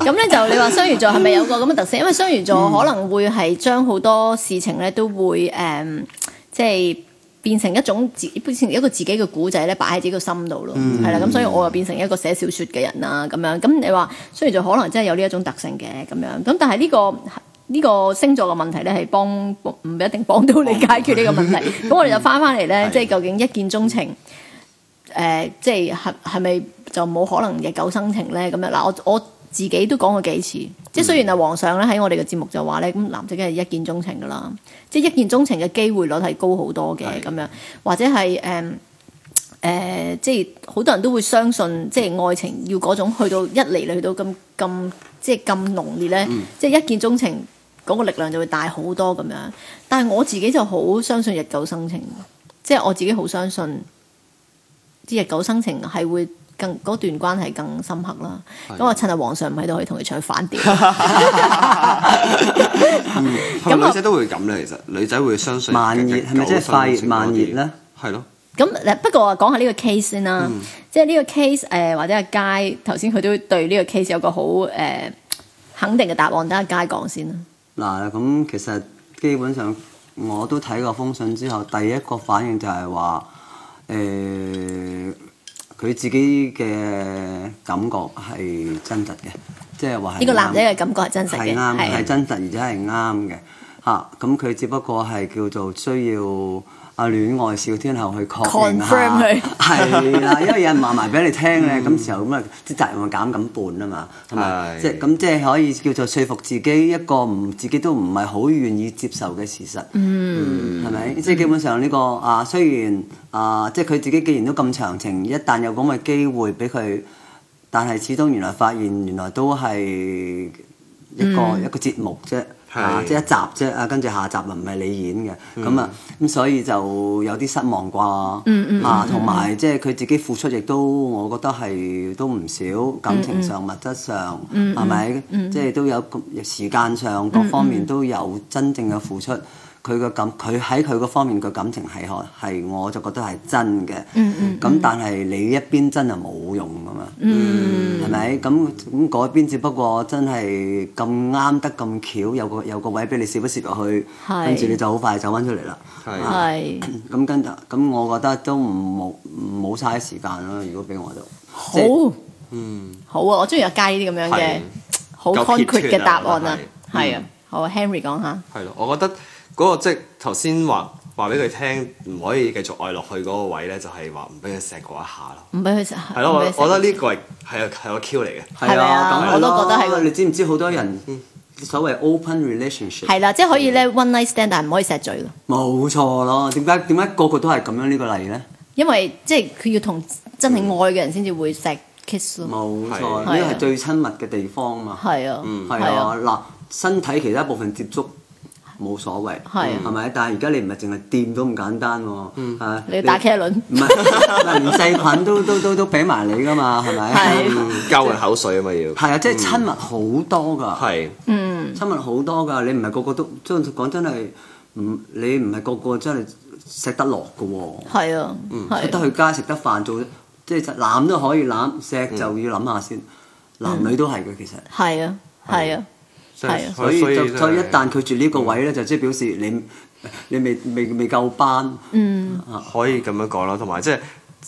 咁咧就你話雙魚座係咪有個咁嘅特性？因為雙魚座可能會係將好多事情咧都會誒，即、嗯、係、就是、變成一種自變成一個自己嘅古仔咧，擺喺自己個心度咯。係啦、嗯，咁所以我又變成一個寫小說嘅人啦，咁樣。咁你話雙魚座可能真係有呢一種特性嘅，咁樣。咁但係呢、這個呢、這個星座嘅問題咧，係幫唔一定幫到你解決呢個問題。咁、嗯、我哋就翻翻嚟咧，的即係究竟一見鍾情。誒、呃，即係係係咪就冇可能日久生情咧？咁樣嗱，我我自己都講過幾次，即係雖然係皇上咧喺我哋嘅節目就話咧，咁、嗯、男仔梗係一見鍾情噶啦，即係一見鍾情嘅機會率係高好多嘅咁係樣，或者係誒誒，即係好多人都會相信，即係愛情要嗰種去到一嚟嚟去到咁咁，即係咁濃烈咧，嗯、即係一見鍾情嗰、嗰個力量就會大好多咁樣。但係我自己就好相信日久生情，即係我自己好相信。啲日久生情係會更嗰段關係更深刻啦。咁是的 我趁阿皇上唔喺度，可以同佢唱反調。咁、 嗯、女仔都會咁咧，其實女仔會相信慢熱係咪即係快熱慢熱咧？係咯。咁的不過我講下呢個 case 先啦。 即係呢個 case，誒、呃、或者阿 Guy 頭先佢都對呢個 case 有個好誒、呃、肯定嘅答案，等阿 Guy 講先啦。嗱咁、嗯、其實基本上我都睇過封信之後，第一個反應就係話。誒，佢、呃、自己嘅感覺係真實嘅，即係話呢個男仔嘅感覺係真實嘅，係啱，係真實而且係啱嘅。嚇、啊，咁佢只不過係叫做需要。啊！戀愛小天后去確認下，係啦，因為有人話埋俾你聽咧，咁、 嗯、時候咁啊，啲責任咪減咁半啊嘛，同埋的的即係咁，即係可以叫做說服自己一個唔自己都唔係好願意接受嘅事實，嗯，係咪、嗯？即係基本上呢、呢個啊，雖然啊，即係佢自己既然都咁長情，一旦有咁嘅機會俾佢，但係始終原來發現原來都係一個、嗯、一個一個一個節目啫。係啊，即係一集啫啊，跟住下集又唔係你演嘅，咁啊，咁所以就有啲失望啩，啊，同埋即係佢自己付出亦都，我覺得係都唔少，感情上、物質上，係咪？即係都有時間上各方面都有真正嘅付出。佢嘅感，佢喺佢嗰方面嘅感情係可係，我就覺得係真嘅。咁但係你一邊真係冇用㗎嘛？係咪？咁咁邊只不過真係咁啱得咁巧，有個。有個位俾你攝一攝落去，跟住你就好快走翻出嚟啦。係咁跟咁，我覺得都唔冇冇嘥時間咯。如果俾我就好嗯好啊，我中意阿佳呢啲咁樣嘅好 concrete 嘅答案啊，係啊，好 Henry 講下。係咯，我覺得嗰個即係頭先話話俾佢聽，唔可以繼續愛落去嗰個位咧，就係話唔俾佢錫過一下咯。唔俾佢錫係咯，我覺得呢個係係係個 Q 嚟嘅。係啊，我都覺得係。你知唔知好多人？所謂 open relationship 係啦， 即係可以咧 one night stand，但係唔可以錫嘴咯。冇錯咯，點解點解個個都係咁樣呢個例咧 ？因為即係佢要同真係愛嘅人先至會錫 kiss 冇、嗯、錯，呢個係最親密嘅地方啊嘛。係啊，係、嗯、啊，嗱、啊，身體其他部分接觸。冇所謂，係係咪？但係而家你唔係淨係掂都咁簡單喎，你打茄輪，唔係連細菌都都都都俾埋你噶嘛？係咪？交換口水啊嘛要。係啊，即係親密好多噶。係，嗯，親密好多噶。你唔係個個都，真講真係，唔你唔係個個真係食得落噶喎。係啊，得去街食得飯做，即係攬都可以攬，錫就要諗下先。男女都係嘅其實。係啊，係啊。係，所以就所以就就就一旦拒絕呢個位咧，嗯、就即係表示你你未未未夠班，嗯啊、可以咁樣講囉，同埋即係。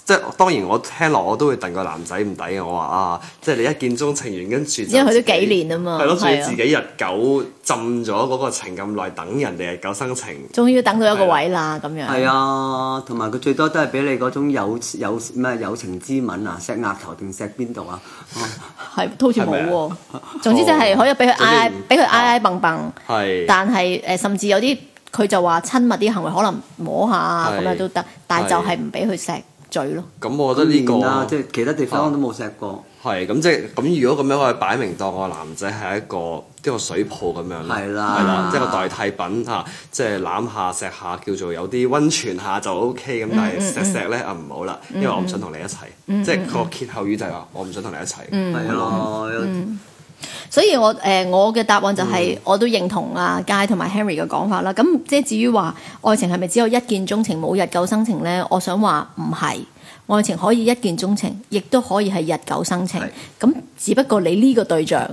即係當然，我聽落我都會戥個男仔唔抵嘅。我話啊，即係你一見鍾情完跟住，因為佢都幾年啊嘛，係咯，佢自己日久浸咗嗰個情咁耐，等人哋日久生情，終於等到一個位啦咁樣。係啊，同埋佢最多都係俾你嗰種友友咩友情之吻啊，錫額頭定錫邊度啊？係都好似冇喎，總之就係可以俾佢挨俾佢挨挨蹦蹦。但係誒，甚至有啲佢就話親密啲行為，可能摸下咁樣都得，但係就係唔俾佢錫。咁我覺得呢、這個、啊、即係其他地方都冇錫過，係咁、啊、即係咁，如果咁樣我擺明當個男仔係一個一個、這個水泡咁樣，係啦，係啦，嗯、即係個代替品嚇、啊，即係攬下錫下叫做有啲温泉下就 OK 咁，但係錫錫咧啊，唔好啦，因為我唔想同你一齊，嗯、即係個歇後語就係話我唔想同你一齊，係咯。所以我誒、呃、我嘅答案就係、是嗯、我都認同啊，Guy 同埋 Henry 嘅講法啦。咁即係至於話愛情係咪只有一見鍾情冇日久生情咧？我想話唔係，愛情可以一見鍾情，亦都可以係日久生情。咁是只不過你呢個對象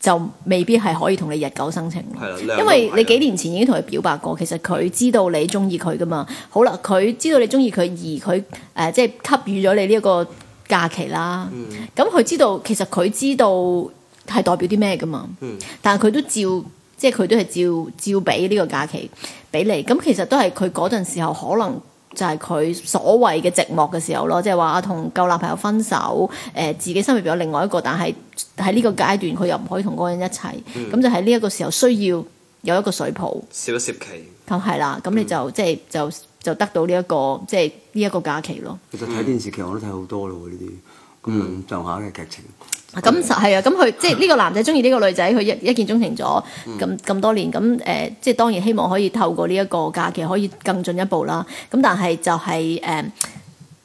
就未必係可以同你日久生情。係的因為你幾年前已經同佢表白過，其實佢知道你鍾意佢㗎嘛。好啦，佢知道你鍾意佢而佢誒即係給予咗你呢一個假期啦。咁佢、嗯、知道，其實佢知道。係代表啲咩噶嘛？嗯、但係佢都照，即係佢都係照，照照俾呢個假期俾你。咁其實都係佢嗰陣時候可能就係佢所謂嘅寂寞嘅時候咯。即係話同舊男朋友分手，誒、呃、自己心入邊有另外一個，但係喺呢個階段佢又唔可以同嗰個人一齊。咁、嗯、就喺呢一個時候需要有一個水泡，攝一攝期，咁係、嗯、啦，咁你就即係、嗯、就就，就得到呢、這、一個即係呢一個假期咯。其實睇電視劇我都睇好多咯，呢啲咁上下嘅劇情。咁就係啊！咁佢即係呢個男仔中意呢個女仔，佢一一見鍾情咗咁咁多年，咁誒即係當然希望可以透過呢一個假期可以更進一步啦。咁但係就係誒，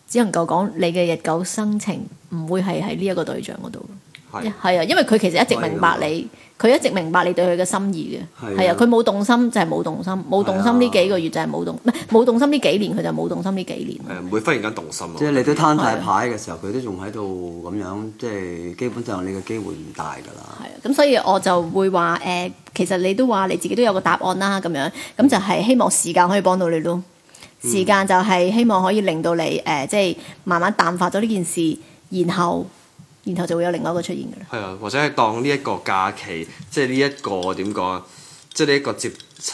只能夠講你嘅日久生情，唔會係喺呢一個對象嗰度。係，係啊，因為佢其實一直明白你。佢一直明白你對佢嘅心意嘅，係啊，佢冇、啊、動心就係冇動心，冇、啊、動心呢幾個月就係冇動，唔係冇動心呢幾年，佢就冇動心呢幾年。唔會、啊、忽然間動心。即係你都攤大牌嘅時候，佢、啊、都仲喺度咁樣，即、就、係、是、基本上你嘅機會唔大㗎啦。係啊，咁所以我就會話誒、呃，其實你都話你自己都有個答案啦，咁樣咁就係希望時間可以幫到你咯。時間就係希望可以令到你誒、呃，即係慢慢淡化咗呢件事，然後，然後就會有另外一個出現嘅啦。係啊，或者係當呢一個假期，即係呢一個點講啊，即係呢一個接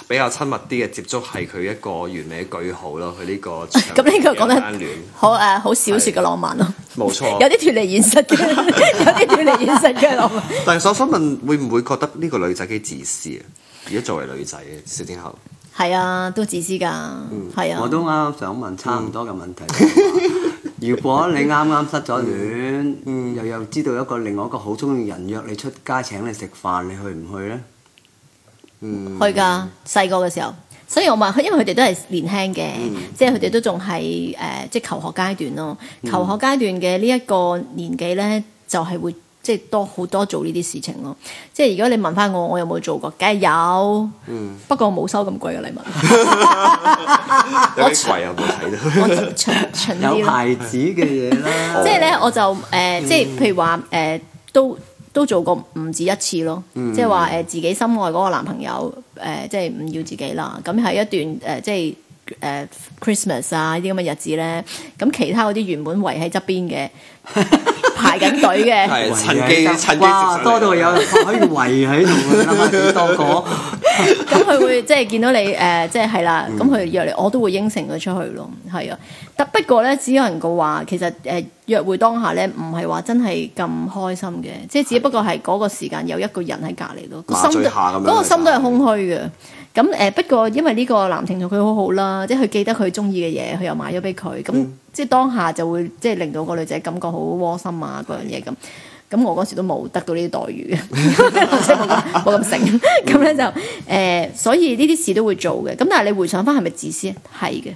比較親密啲嘅接觸，係佢一個完美嘅句號咯。佢呢個咁呢嘅講得好誒，好小説嘅浪漫咯。冇 沒錯， 有啲脱離現實嘅， 有啲脱離現實嘅浪漫。 但係，我想問，會唔會覺得呢個女仔幾自私啊？而家作為女仔，小天后係啊，都自私㗎。嗯，係啊，我都啱啱想問差唔多嘅問題。 如果 你啱啱失咗戀，嗯嗯，又又知道一個另外一個好中意人約你出街請你食飯，你去唔去呢？嗯、去噶。細個嘅時候，所以我問，因為佢哋都係年輕嘅，即係佢哋都仲係誒，即、呃、係、即係、求學階段咯。求學階段嘅呢一個年紀呢，就係、係、會。即係多好多做呢啲事情咯，即係如果你問翻我，我有冇做過？梗係有，嗯、不過我冇收咁貴嘅禮物。 有有我蠢有牌子嘅嘢啦，即係咧我就誒，即係譬如話誒、呃，都都做過唔止一次咯，嗯、即係話誒自己心愛嗰個男朋友誒，即係唔要自己啦。咁喺一段誒、呃、即係誒、呃、Christmas 啊啲咁嘅日子咧，咁其他嗰啲原本圍喺側邊嘅。 排緊隊嘅，陳記，哇多到有可以圍喺度，多咁佢會即係見到你誒、呃，即係係啦。咁佢約你，我都會應承佢出去咯。係啊，但不過咧，只能夠話，其實誒、呃、約會當下咧，唔係話真係咁開心嘅，即係只不過係嗰個時間有一個人喺隔離咯，的個心都嗰、啊、個心都係空虛嘅。咁誒不過因為呢個男同學佢好好啦，即係佢記得佢中意嘅嘢，佢又買咗俾佢，咁、嗯、即係當下就會即係令到個女仔感覺好窩心啊，嗰樣嘢咁。咁、嗯、我嗰時都冇得到呢啲待遇嘅，冇咁醒。咁咧就誒、呃，所以呢啲事都會做嘅。咁但係你回想翻係咪自私？係嘅，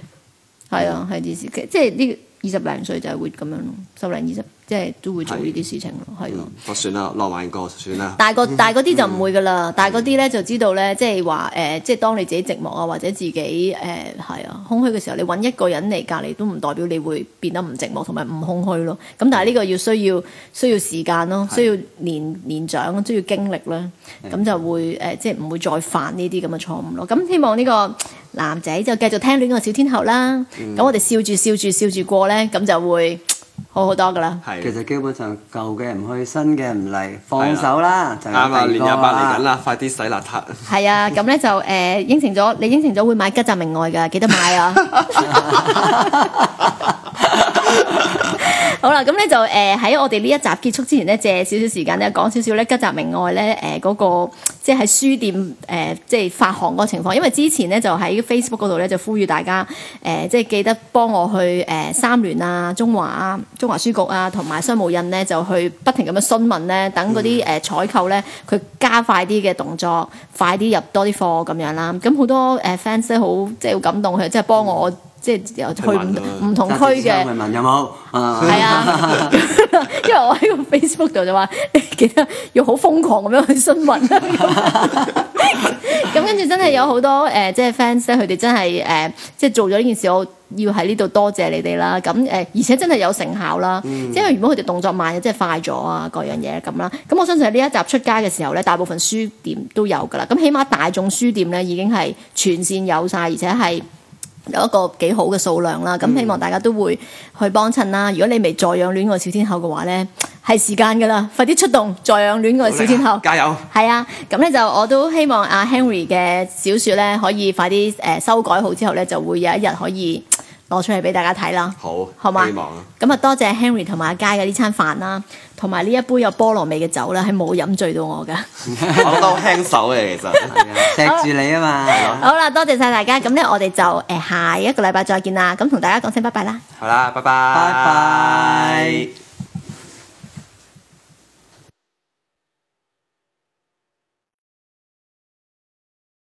係啊，係自私。其實、就是就是、即係呢二十零歲就係會咁樣咯，十零二十。即係都會做呢啲事情咯，係咯的，我的算啦，浪漫過算啦。大個大啲就唔會㗎喇，大嗰啲咧就知道咧的、呃，即係話誒，即係當你自己寂寞啊，或者自己誒係啊空虛嘅時候，你搵一個人嚟隔離都唔代表你會變得唔寂寞同埋唔空虛咯。咁但係呢個要需要需要時間咯，的需要年年長，需要經歷啦，咁的就會誒、呃、即係唔會再犯呢啲咁嘅錯誤咯。咁、嗯、希望呢個男仔就繼續聽戀愛小天后啦。咁、嗯、我哋笑住笑住笑住過咧，咁就會。好好多噶啦，的其實基本上舊嘅唔去，新嘅唔嚟，放手啦，的就啱啊，年廿八嚟緊啦，快啲洗邋遢！係啊， 咁咧就誒、呃、應承咗，你應承咗會買吉澤明外噶，記得買啊。 好啦，咁咧就誒喺、呃、我哋呢一集結束之前咧，借少少時間咧講少少咧《小小吉澤明愛》咧誒嗰個即係喺書店誒、呃、即係發行嗰個情況，因為之前咧就喺 Facebook 嗰度咧就呼籲大家誒、呃、即係記得幫我去誒、呃、三聯啊、中華啊、中華啊、中華書局啊同埋商務印咧就去不停咁樣詢問咧，等嗰啲誒採購咧佢加快啲嘅動作，快啲入多啲貨咁樣啦。咁、呃、好多誒 fans 好即係好感動佢，即係幫我。 即係又去唔同、同區嘅，問有冇？係啊，因為我喺個 Facebook 度就話， 記得要好瘋狂咁樣去詢問。咁跟住真係有好多誒，即係 fans 咧，佢哋真係誒，即、就、係、是、做咗呢件事，我要喺呢度多謝你哋啦。咁誒、呃，而且真係有成效啦，嗯、因為如果佢哋動作慢，即係快咗啊，各樣嘢咁啦。咁我相信喺呢一集出街嘅時候咧，大部分書店都有㗎啦。咁起碼大眾書店咧已經係全線有晒，而且係，有一個幾好嘅數量啦，咁、嗯、希望大家都會去幫襯啦。如果你未助養戀愛小天后嘅話呢，係時間噶啦，快啲出動助養戀愛小天后，啊、加油！係啊，咁呢就我都希望阿 Henry 嘅小說呢，可以快啲誒修改好之後呢，就會有一日可以。攞出嚟俾大家睇啦，好，好嘛吧？咁啊望，就多謝 Henry 同埋阿佳嘅呢餐飯啦，同埋呢一杯有菠蘿味嘅酒啦，係冇飲醉到我㗎。 我都輕手嘅，其實錫住 的你啊嘛。好啦吧吧，多謝晒大家，咁咧我哋就誒下一個禮拜再見啦，咁同大家講聲拜拜啦。好啦，拜拜，拜拜。